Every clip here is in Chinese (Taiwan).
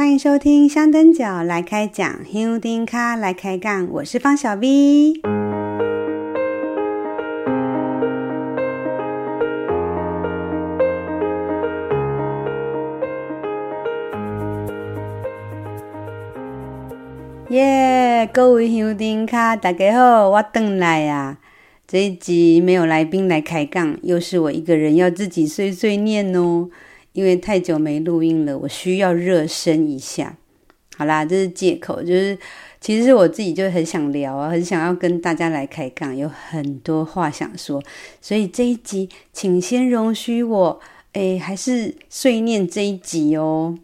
歡迎收聽香燈腳來開講，休丁卡來開槓，我是方小 V。耶，各位休丁卡，大家好，我回來啊！這一集沒有來賓來開槓，又是我一個人要自己碎碎念哦。因為太久沒錄音了，我需要熱身一下。好啦，這是借口，就是其實我自己就很想聊啊，很想要跟大家來開講，有很多話想說，所以這一集請先容許我，哎，還是碎念這一集哦。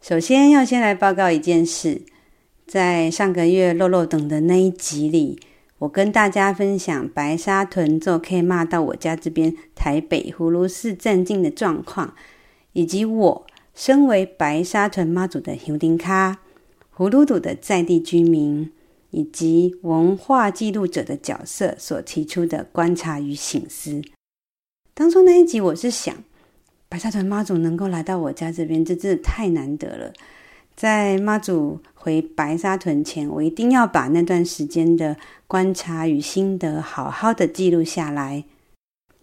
首先要先來報告一件事，在上個月葫蘆堵的那一集裡。我跟大家分享白沙屯做客媽到我家這邊台北葫蘆堵站境的狀況，以及我身為白沙屯媽祖的香燈腳、葫蘆堵的在地居民以及文化記錄者的角色所提出的觀察與省思。當初那一集，我是想白沙屯媽祖能夠來到我家這邊，這真的太難得了。在媽祖回白沙屯前，我一定要把那段時間的觀察與心得好好的記錄下來。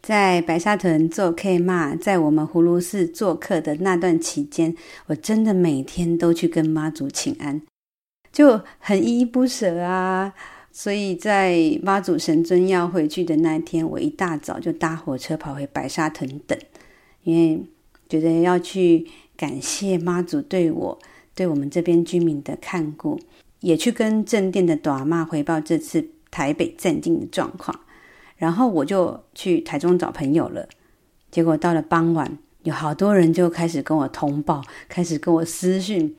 在白沙屯做客嘛，在我們葫蘆堵做客的那段期間，我真的每天都去跟媽祖請安，就很依依不舍啊。所以在媽祖神尊要回去的那天，我一大早就搭火車跑回白沙屯等，因為覺得要去感謝媽祖對我，對我們這邊居民的看顧，也去跟鎮殿的大媽回報這次台北鎮定的狀況，然後我就去台中找朋友了。結果到了傍晚，有好多人就開始跟我通報，開始跟我私訊：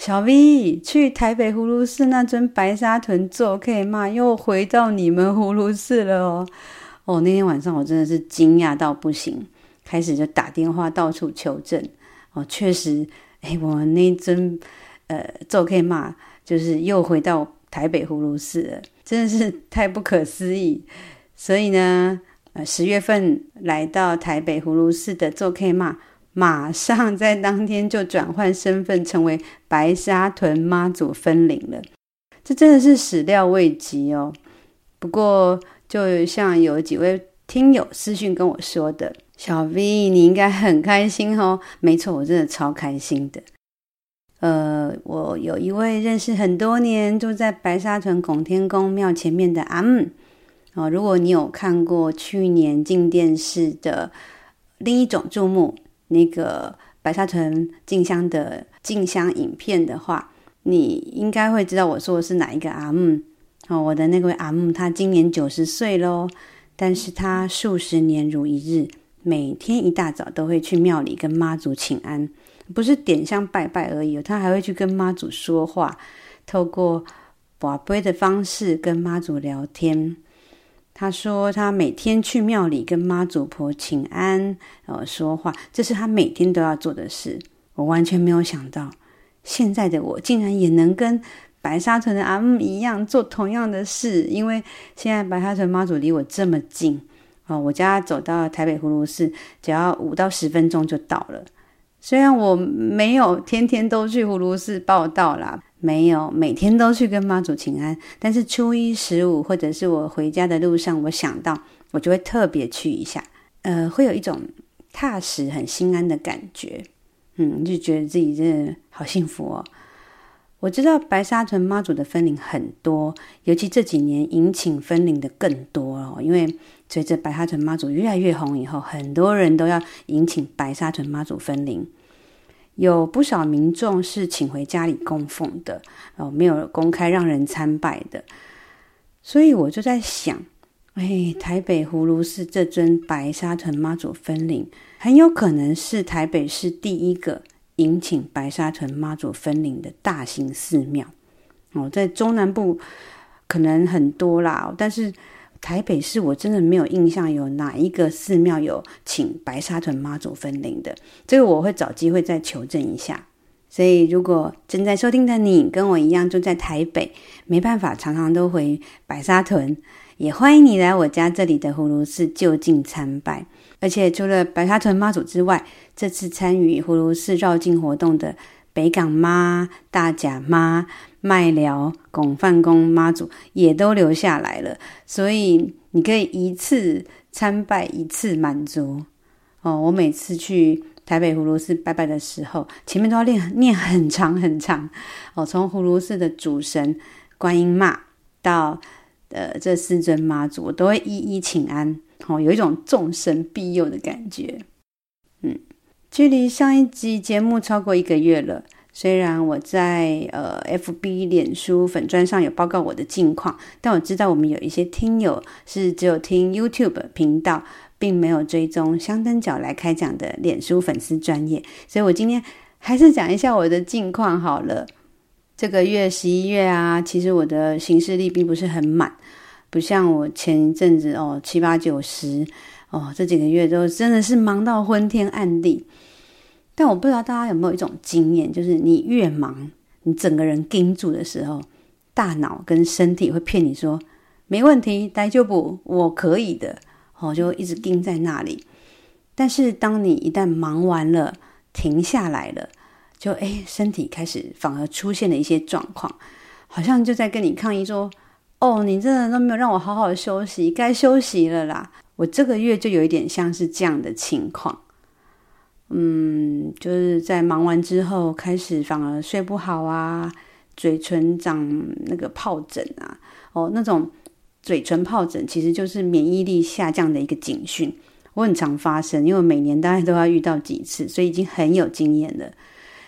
小 V 去台北葫蘆堵那尊白沙屯做可以嗎，又回到你們葫蘆堵了哦！哦，那天晚上我真的是驚訝到不行，開始就打電話到處求證哦，確實。我那尊，呃，做客媽就是又回到台北葫蘆堵了，真的是太不可思議。所以呢，呃，十月份來到台北葫蘆堵的做客媽，馬上在當天就轉換身份，成為白沙屯媽祖分靈了。這真的是始料未及哦。不過，就像有幾位聽友私訊跟我說的。小 V，你應該很開心哦。沒錯，我真的超開心的。呃，我有一位認識很多年，住在白沙屯拱天宮廟前面的阿木哦，如果你有看過去年鏡電視的另一種注目，那個白沙屯進香的進香影片的話，你應該會知道我說的是哪一個阿木哦。我的那位阿木，他今年九十歲嘍，但是他數十年如一日。每天一大早都會去廟裡跟媽祖請安，不是點香拜拜而已，他還會去跟媽祖說話，透過跋杯的方式跟媽祖聊天。他說他每天去廟裡跟媽祖婆請安，呃，說話，這是他每天都要做的事。我完全沒有想到，現在的我竟然也能跟白沙屯的阿姆一樣做同樣的事，因為現在白沙屯媽祖離我這麼近。哦，我家走到台北葫蘆寺，只要五到十分鐘就到了。雖然我沒有天天都去葫蘆寺報到啦，沒有每天都去跟媽祖請安，但是初一、十五或者是我回家的路上，我想到我就會特別去一下，呃，會有一種踏實、很心安的感覺。嗯，就覺得自己真的好幸福哦。我知道白沙屯媽祖的分靈很多，尤其這幾年迎請分靈的更多哦，因為。隨着白沙屯媽祖越來越紅以後，很多人都要迎請白沙屯媽祖分靈，有不少民眾是請回家裡供奉的哦，沒有公開讓人參拜的。所以我就在想，哎，台北葫蘆堵這尊白沙屯媽祖分靈，很有可能是台北市第一個迎請白沙屯媽祖分靈的大型寺廟哦，在中南部可能很多啦，但是。台北市，我真的沒有印象有哪一個寺廟有請白沙屯媽祖分靈的，這個我會找機會再求證一下。所以，如果正在收聽的你跟我一樣住在台北，沒辦法常常都回白沙屯，也歡迎你來我家這裡的葫蘆寺就近參拜。而且，除了白沙屯媽祖之外，這次參與葫蘆寺繞境活動的北港媽、大甲媽、麥寮、拱範宮、媽祖也都留下來了，所以你可以一次參拜一次滿足哦。我每次去台北葫蘆寺拜拜的時候，前面都要念念很長很長哦，從葫蘆寺的主神觀音媽到呃這四尊媽祖，我都會一一請安哦，有一種眾神庇佑的感覺。嗯，距離上一集節目超過一個月了。雖然我在呃，FB 臉書粉專，上有報告我的近況，但我知道我們有一些聽友是只有聽 YouTube 頻道，並沒有追蹤香燈腳來開講的臉書粉絲專頁，所以我今天還是講一下我的近況好了。這個月十一月啊，其實我的行事曆並不是很滿，不像我前一陣子哦七八九十哦，這幾個月都真的是忙到昏天暗地。但我不知道大家有沒有一種經驗，就是你越忙，你整個人盯住的時候，大腦跟身體會騙你說沒問題，大丈夫，我可以的，我就一直盯在那裡。但是當你一旦忙完了，停下來了，就哎、欸，身體開始反而出現了一些狀況，好像就在跟你抗議說：“哦，你真的都沒有讓我好好休息，該休息了啦。”我這個月就有一點像是這樣的情況。嗯，就是在忙完之後開始反而睡不好啊，嘴唇長那個皰疹啊，哦，那種嘴唇皰疹其實就是免疫力下降的一個警訊。我很常發生，因為每年大概都要遇到幾次，所以已經很有經驗了。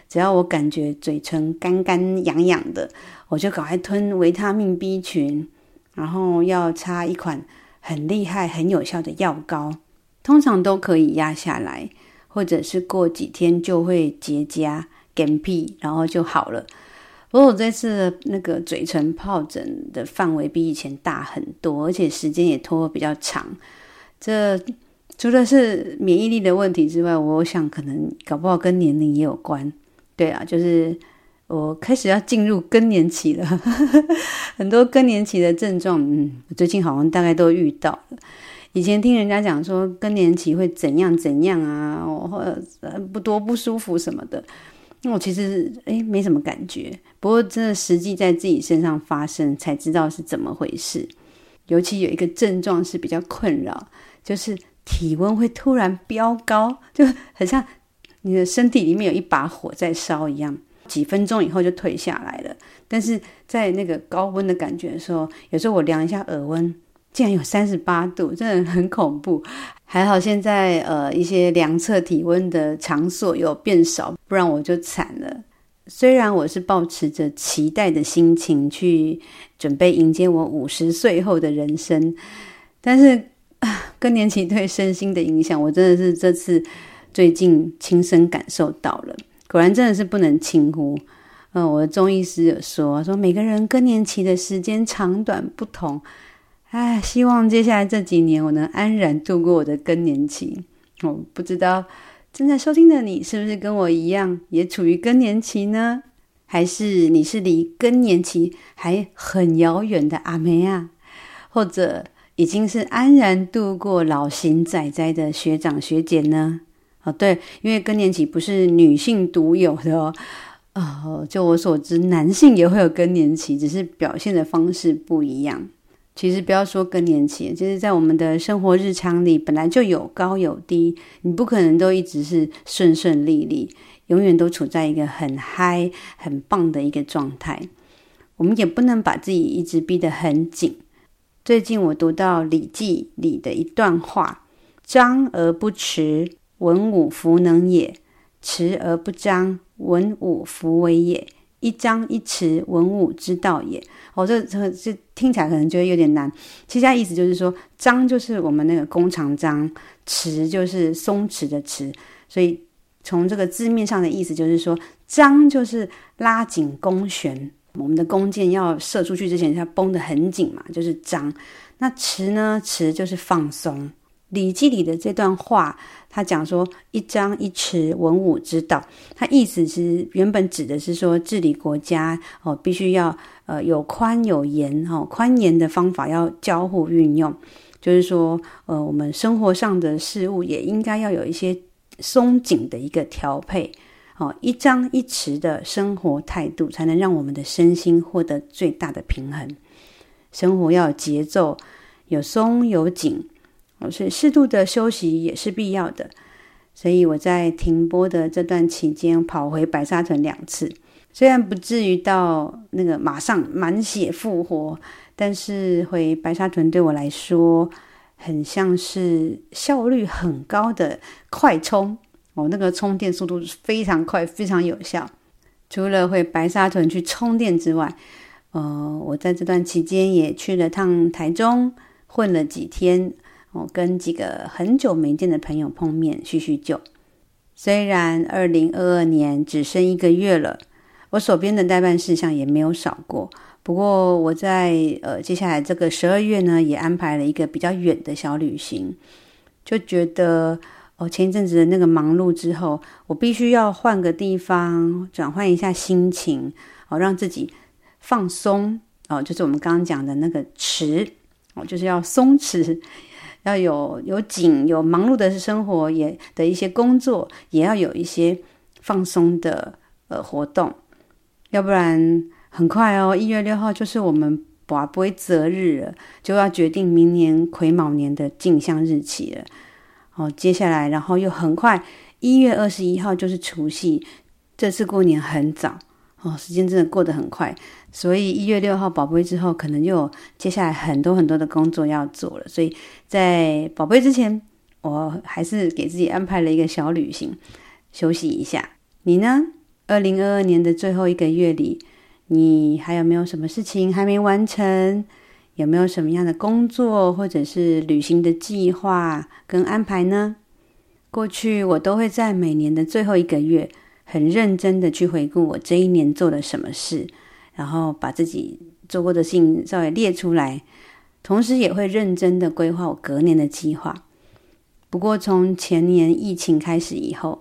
只要我感覺嘴唇乾乾癢癢的，我就趕快吞維他命 B 群，然後要擦一款很厲害、很有效的藥膏，通常都可以壓下來。或者是過幾天就會結痂、乾皮，然後就好了。不過我這次那個嘴唇皰疹的範圍比以前大很多，而且時間也拖比較長。這除了是免疫力的問題之外，我，我想可能搞不好跟年齡也有關。對啊，就是我開始要進入更年期了， 很多更年期的症狀，嗯，最近好像大概都遇到了。以前聽人家講說更年期會怎樣怎樣啊，哦、或者不多不舒服什麼的，那我其實哎沒什麼感覺。不過真的實際在自己身上發生才知道是怎麼回事。尤其有一個症狀是比較困擾，就是體溫會突然飆高，就很像你的身體裡面有一把火在燒一樣，幾分鐘以後就退下來了。但是在那個高溫的感覺的時候，有時候我量一下耳溫。竟然有三十八度，真的很恐怖。還好現在呃一些量測體溫的場所有變少，不然我就慘了。雖然我是抱持着期待的心情去準備迎接我五十歲後的人生，但是更年期對身心的影響，我真的是這次最近親身感受到了。果然真的是不能輕忽。嗯、呃，我的中醫師有說說，每個人更年期的時間長短不同。唉，希望接下來這幾年我能安然度過我的更年期。我、哦、不知道正在收聽的你是不是跟我一樣，也處於更年期呢？還是你是離更年期還很遙遠的阿妹啊？或者已經是安然度過老神在在的學長學姐呢？哦，對，因為更年期不是女性獨有的哦。哦，就我所知，男性也會有更年期，只是表現的方式不一樣。其實不要說更年期，就是在我們的生活日常裡，本來就有高有低，你不可能都一直是順順利利，永遠都處在一個很嗨很棒的一個狀態。我們也不能把自己一直逼得很緊。最近我讀到《禮記》裡的一段話：“張而不弛，文武弗能也；弛而不張，文武弗為也。”一張一弛，文武之道也。哦，這這這聽起來可能覺得有點難。其實它意思就是說，張就是我們那個弓長張，弛就是鬆弛的弛。所以從這個字面上的意思就是說，張就是拉緊弓弦，我們的弓箭要射出去之前，它繃得很緊嘛，就是張。那弛呢？弛就是放鬆。《禮記》裡的這段話，他講說：“一張一弛，文武之道。”他意思是，原本指的是說，治理國家哦，必須要呃有寬有嚴哦，寬嚴的方法要交互運用。就是說，呃，我們生活上的事物也應該要有一些鬆緊的一個調配哦，一張一弛的生活態度，才能讓我們的身心獲得最大的平衡。生活要有節奏，有鬆有緊。所以適度的休息也是必要的。所以我在停播的這段期間，跑回白沙屯兩次，雖然不至於到那個馬上滿血復活，但是回白沙屯對我來說，很像是效率很高的快充。哦，那個充電速度非常快，非常有效。除了回白沙屯去充電之外，呃，我在這段期間也去了趟台中，混了幾天。我跟幾個很久沒見的朋友碰面敘敘舊。雖然二零二二年只剩一個月了，我手邊的待辦事項也沒有少過。不過我在呃接下來這個十二月呢，也安排了一個比較遠的小旅行。就覺得哦，前一陣子的那個忙碌之後，我必須要換個地方，轉換一下心情哦，讓自己放鬆哦，就是我們剛剛講的那個弛，哦，就是要鬆弛。要有有緊有忙碌的生活也，也的一些工作，也要有一些放鬆的呃活動，要不然很快哦，一月六號就是我們跋杯擇日了，就要決定明年癸卯年的進香日期了。好、哦，接下來然後又很快，一月二十一號就是除夕，這次過年很早。哦，時間真的過得很快，所以一月六號寶貝之後，可能就接下來很多很多的工作要做了。所以在寶貝之前，我還是給自己安排了一個小旅行，休息一下。你呢？二零二二年的最後一個月裡，你還有沒有什麼事情還沒完成？有沒有什麼樣的工作或者是旅行的計劃跟安排呢？過去我都會在每年的最後一個月很認真的去回顧我這一年做了什麼事，然後把自己做過的事情稍微列出來，同時也會認真的規劃我隔年的計劃。不過從前年疫情開始以後，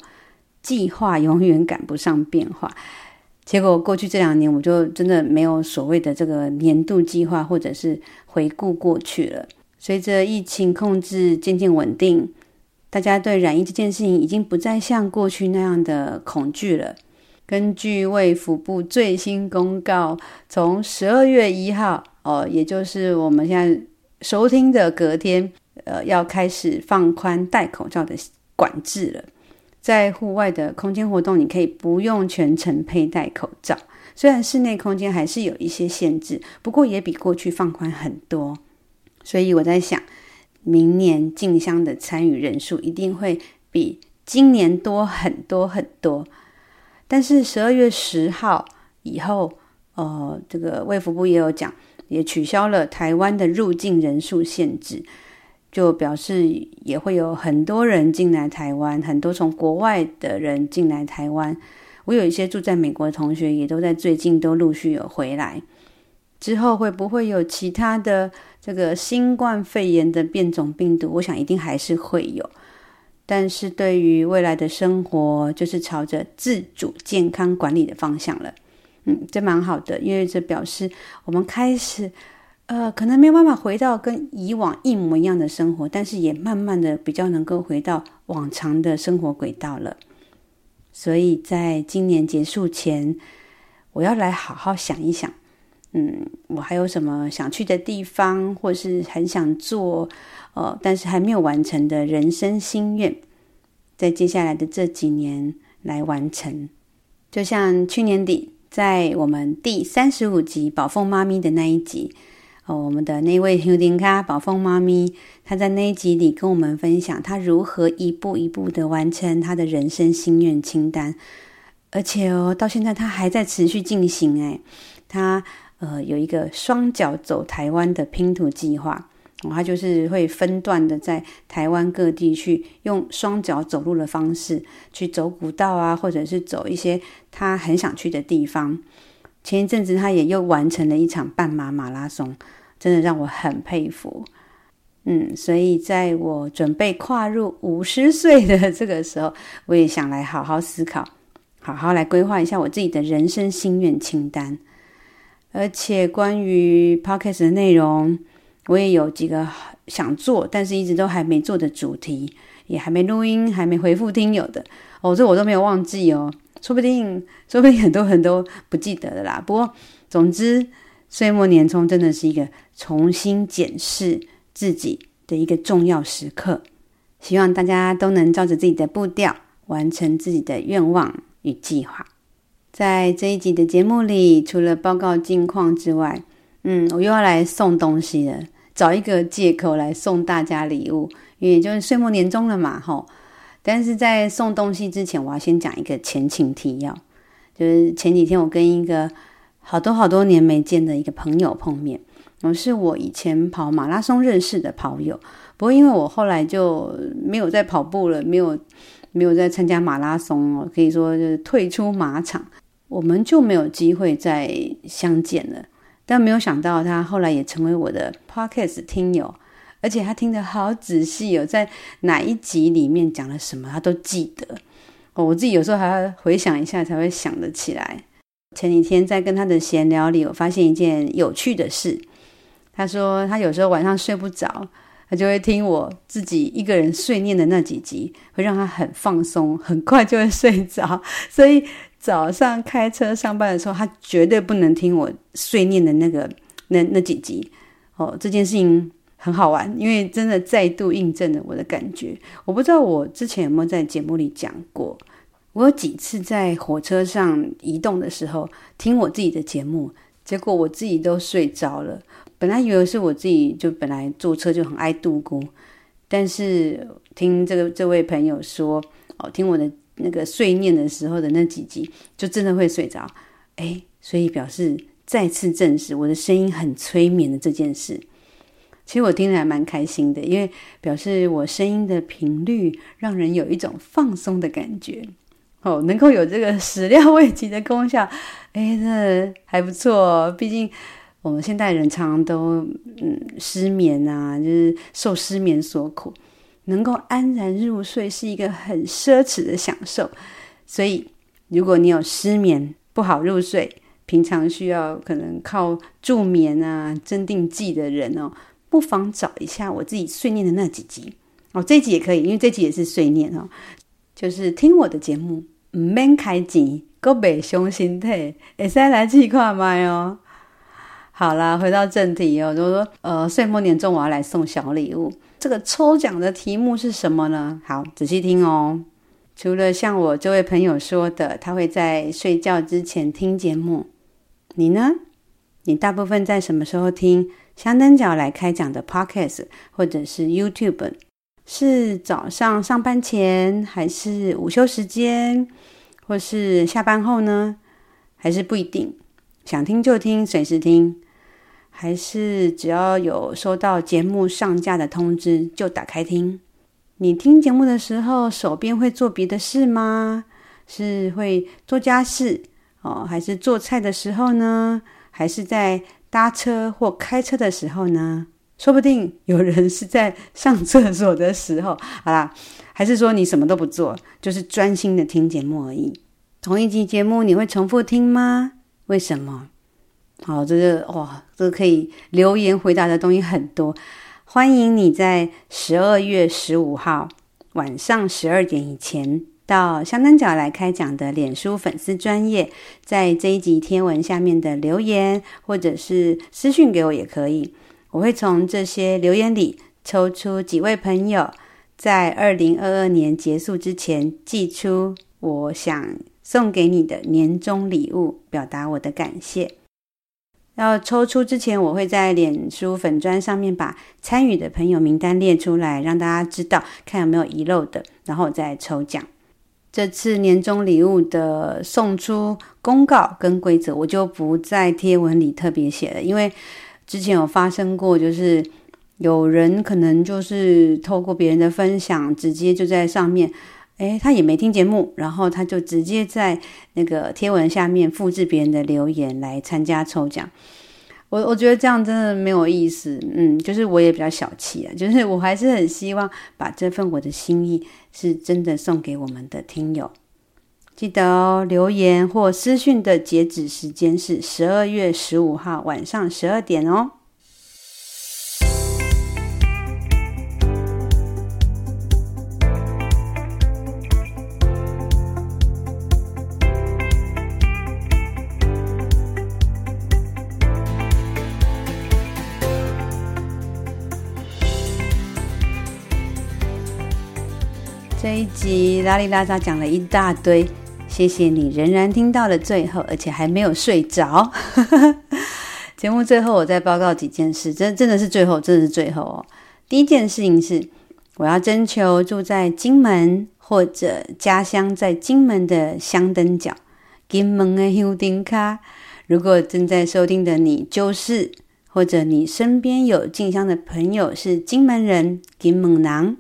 計劃永遠趕不上變化，結果過去這兩年我就真的沒有所謂的這個年度計劃或者是回顧過去了。隨着疫情控制漸漸穩定，大家對染疫這件事情已經不再像過去那樣的恐懼了。根據衛福部最新公告，從十二月一號，哦，也就是我們現在收聽的隔天，呃，要開始放寬戴口罩的管制了。在戶外的空間活動，你可以不用全程佩戴口罩，雖然室內空間還是有一些限制，不過也比過去放寬很多。所以我在想，明年進香的參與人數一定會比今年多很多很多，但是十二月十號以後，呃，這個衛福部也有講，也取消了台灣的入境人數限制，就表示也會有很多人進來台灣，很多從國外的人進來台灣。我有一些住在美國的同學，也都在最近都陸續有回來。之後會不會有其他的？這個新冠肺炎的變種病毒，我想一定還是會有，但是對於未來的生活，就是朝着自主健康管理的方向了。嗯，這蠻好的，因為這表示我們開始，呃，可能沒有辦法回到跟以往一模一樣的生活，但是也慢慢的比較能夠回到往常的生活軌道了。所以在今年結束前，我要來好好想一想。嗯，我還有什麼想去的地方，或是很想做，呃，但是還沒有完成的人生心願，在接下來的這幾年來完成。就像去年底在我們第三十五集寶鳳媽咪的那一集哦，呃，我們的那位尤丁卡寶鳳媽咪，她在那一集裡跟我們分享她如何一步一步地完成她的人生心願清單，而且哦，到現在她還在持續進行哎，欸，她，呃，有一個雙腳走台灣的拼圖計劃，哦，他就是會分段的在台灣各地去用雙腳走路的方式去走古道啊，或者是走一些他很想去的地方。前一陣子他也又完成了一場半馬馬拉松，真的讓我很佩服。嗯，所以在我準備跨入五十歲的這個時候，我也想來好好思考，好好來規劃一下我自己的人生心願清單。而且關於 podcast 的內容，我也有幾個想做，但是一直都還沒做的主題，也還沒錄音，還沒回復聽友的。哦，這我都沒有忘記哦。說不定，說不定很多很多不記得的啦。不過，總之，歲末年終真的是一個重新檢視自己的一個重要時刻。希望大家都能照着自己的步調，完成自己的願望與計劃。在這一集的節目裡，除了報告近況之外，嗯，我又要來送東西了，找一個借口來送大家禮物，因為就是歲末年終了嘛，吼。但是在送東西之前，我要先講一個前情提要，就是前幾天我跟一個好多好多年沒見的一個朋友碰面，我是我以前跑馬拉松認識的跑友，不過因為我後來就沒有再跑步了，沒有沒有再參加馬拉松了。可以說就是退出馬場。我們就沒有機會再相見了，但沒有想到他後來也成為我的 podcast 聽友，而且他聽得好仔細、哦，有在哪一集裡面講了什麼，他都記得、哦。我自己有時候還要回想一下才會想得起來。前幾天在跟他的閒聊裡，我發現一件有趣的事，他說他有時候晚上睡不着，他就會聽我自己一個人碎念的那幾集，會讓他很放鬆，很快就會睡着，所以，早上開車上班的時候，他絕對不能聽我碎念的那個那那幾集。哦，這件事情很好玩，因為真的再度印證了我的感覺。我不知道我之前有沒有在節目裡講過，我有幾次在火車上移動的時候聽我自己的節目，結果我自己都睡着了。本來以為是我自己，就本來坐車就很愛度過，但是聽這個這位朋友說，哦，聽我的。那個碎念的時候的那幾集，就真的會睡着，哎，所以表示再次證實我的聲音很催眠的這件事。其實我聽着還蠻開心的，因為表示我聲音的頻率讓人有一種放鬆的感覺，哦，能夠有這個始料未及的功效，哎，這還不錯哦。畢竟我們現代人常常都嗯失眠啊，就是受失眠所苦，能夠安然入睡是一個很奢侈的享受，所以如果你有失眠、不好入睡，平常需要可能靠助眠啊、鎮定劑的人哦，不妨找一下我自己睡眠的那幾集哦，這集也可以，因為這集也是睡眠哦，就是聽我的節目，唔 免開 b 個 y 胸心態，會使來幾塊麥哦。好啦，回到正題哦，就說，呃，歲末年終，我要來送小禮物。這個抽獎的題目是什麼呢？好，仔細聽哦。除了像我這位朋友說的，他會在睡覺之前聽節目。你呢？你大部分在什麼時候聽？香燈腳來開講的 Podcast，或者是 YouTube？是早上上班前，還是午休時間，或是下班後呢？還是不一定，想聽就聽，隨時聽。還是只要有收到節目上架的通知，就打開聽。你聽節目的時候，手邊會做別的事嗎？是會做家事哦，還是做菜的時候呢？還是在搭車或開車的時候呢？說不定有人是在上廁所的時候，好啦，還是說你什麼都不做，就是專心的聽節目而已。同一集節目你會重複聽嗎？為什麼？好、哦，這個哇，這個可以留言回答的東西很多。歡迎你在十二月十五號晚上十二點以前到香燈腳來開講的臉書粉絲專頁，在這一集貼文下面的留言或者是私訊給我也可以，我會從這些留言裡抽出幾位朋友，在二零二二年結束之前寄出我想送給你的年終禮物，表達我的感謝。要抽出之前，我會在臉書粉專上面把參與的朋友名單列出來，讓大家知道，看有沒有遺漏的，然後再抽獎。這次年終禮物的送出公告跟規則，我就不在貼文裡特別寫了，因為之前有發生過，就是有人可能就是透過別人的分享，直接就在上面。哎，他也沒聽節目，然後他就直接在那個貼文下面複製別人的留言來參加抽獎。我我覺得這樣真的沒有意思，嗯，就是我也比較小氣啊，就是我還是很希望把這份我的心意是真的送給我們的聽友。記得哦，留言或私訊的截止時間是十二月十五號晚上十二點哦。嘰拉里拉雜講了一大堆，謝謝你仍然聽到了最後，而且還沒有睡着。 節目最後，我再報告幾件事，這真,真的是最後，這是最後哦。第一件事情是，我要徵求住在金門或者家鄉在金門的香燈腳。金門的香燈腳。如果正在收聽的你就是，或者你身邊有進香的,的,、就是、的朋友是金門人，金門男。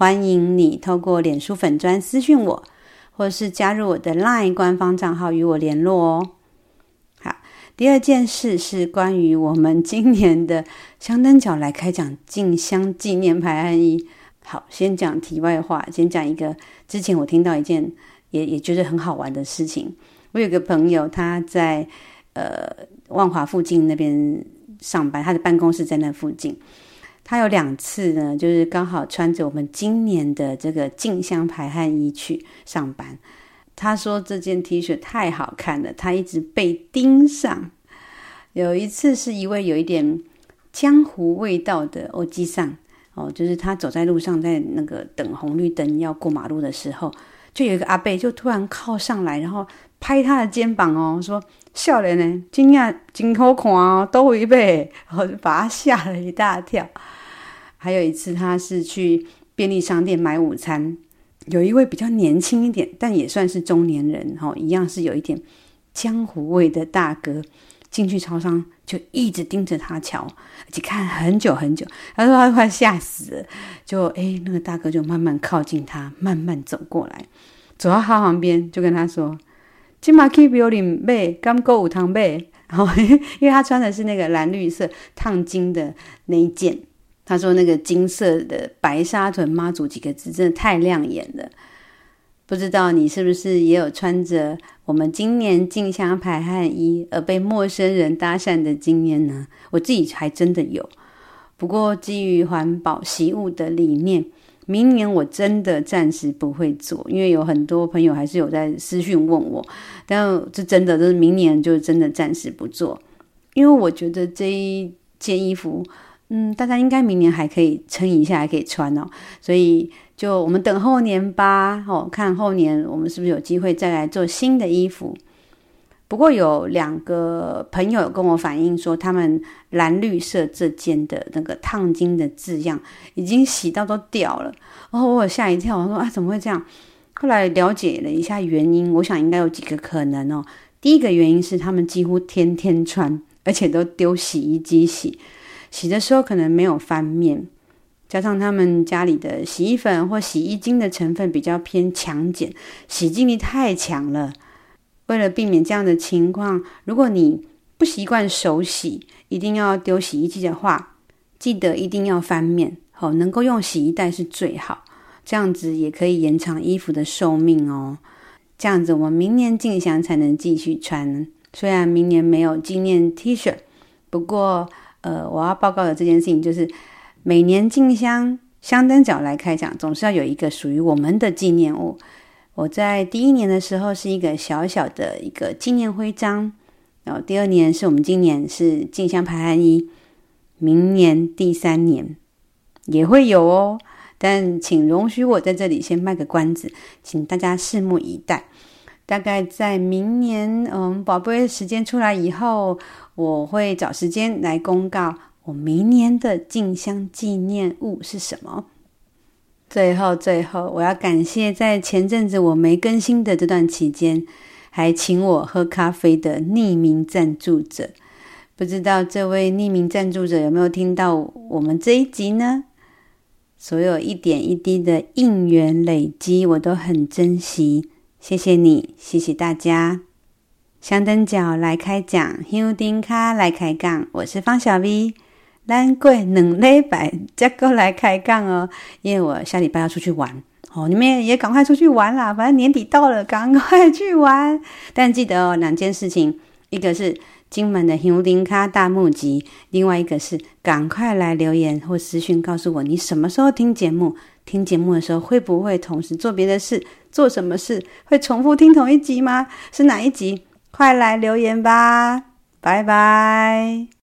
歡迎你透過臉書粉專私訊我，或者是加入我的 LINE 官方賬號與我聯絡哦。好，第二件事是關於我們今年的香燈腳來開講進香紀念牌案例。好，先講題外話，先講一個，之前我聽到一件也也覺得很好玩的事情。我有個朋友，他在呃萬華附近那邊上班，他的辦公室在那附近。他有兩次呢，就是剛好穿着我們今年的這個進香排汗衣去上班。他說，這件 T 恤太好看了，他一直被盯上。有一次是一位有一點江湖味道的歐吉桑哦，就是他走在路上，在那個等紅綠燈要過馬路的時候，就有一個阿伯就突然靠上來，然後拍他的肩膀哦，說：“少年呢，今天真好看哦，多威貝！”然後我就把他嚇了一大跳。還有一次，他是去便利商店買午餐，有一位比較年輕一點，但也算是中年人，哈、哦，一樣是有一點江湖味的大哥，進去超商就一直盯着他瞧，而且看很久很久。他說：“他快嚇死了！”就誒、欸，那個大哥就慢慢靠近他，慢慢走過來，走到他旁邊，就跟他說：“金馬 key b u 背，剛夠五堂背。”然後，因為他穿的是那個藍綠色燙金的那一件。他說：“那個金色的白沙屯媽祖幾個字，真的太亮眼了。不知道你是不是也有穿着我們今年進香排汗衣而被陌生人搭訕的經驗呢？我自己還真的有。不過基於環保惜物的理念，明年我真的暫時不會做，因為有很多朋友還是有在私訊問我。但這真的就是明年就真的暫時不做，因為我覺得這一件衣服。”嗯，大家應該明年還可以撐一下，還可以穿哦。所以就我們等後年吧，哦，看後年我們是不是有機會再來做新的衣服。不過有兩個朋友跟我反映說，他們藍綠色這件的那個燙金的字樣已經洗到都掉了。哦，我有嚇一跳，我說啊，怎麼會這樣？後來了解了一下原因，我想應該有幾個可能哦。第一個原因是他們幾乎天天穿，而且都丟洗衣機洗。洗的時候可能沒有翻面，加上他們家裡的洗衣粉或洗衣精的成分比較偏強鹼，洗淨力太強了。為了避免這樣的情況，如果你不習慣手洗，一定要丟洗衣機的話，記得一定要翻面。好、哦，能夠用洗衣袋是最好，這樣子也可以延長衣服的壽命哦。這樣子，我們明年進香才能繼續穿。雖然明年沒有紀念 T 恤，不過。呃，我要報告的這件事情就是，每年進香香燈腳來開講，總是要有一個屬於我們的紀念物。我在第一年的時候是一個小小的一個紀念徽章，然後第二年是我們今年是進香排汗衣，明年第三年也會有哦。但請容許我在這裡先賣個關子，請大家拭目以待。大概在明年，嗯，寶貝時間出來以後。我會找時間來公告我明年的進香紀念物是什麼？最後，最後，我要感謝在前陣子我沒更新的這段期間，還請我喝咖啡的匿名贊助者。不知道這位匿名贊助者有沒有聽到我們這一集呢？所有一點一滴的應援累積，我都很珍惜。謝謝你，謝謝大家。香燈腳來開講，香燈腳來開講，我是方小 V。難過兩禮拜，再過來開講哦，因為我下禮拜要出去玩哦，你們也趕快出去玩啦，反正年底到了，趕快去玩。但記得哦，兩件事情，一個是金門的香燈腳大募集，另外一個是趕快來留言或私訊告訴我，你什麼時候聽節目？聽節目的時候會不會同時做別的事？做什麼事？會重複聽同一集嗎？是哪一集？快來留言吧，拜拜。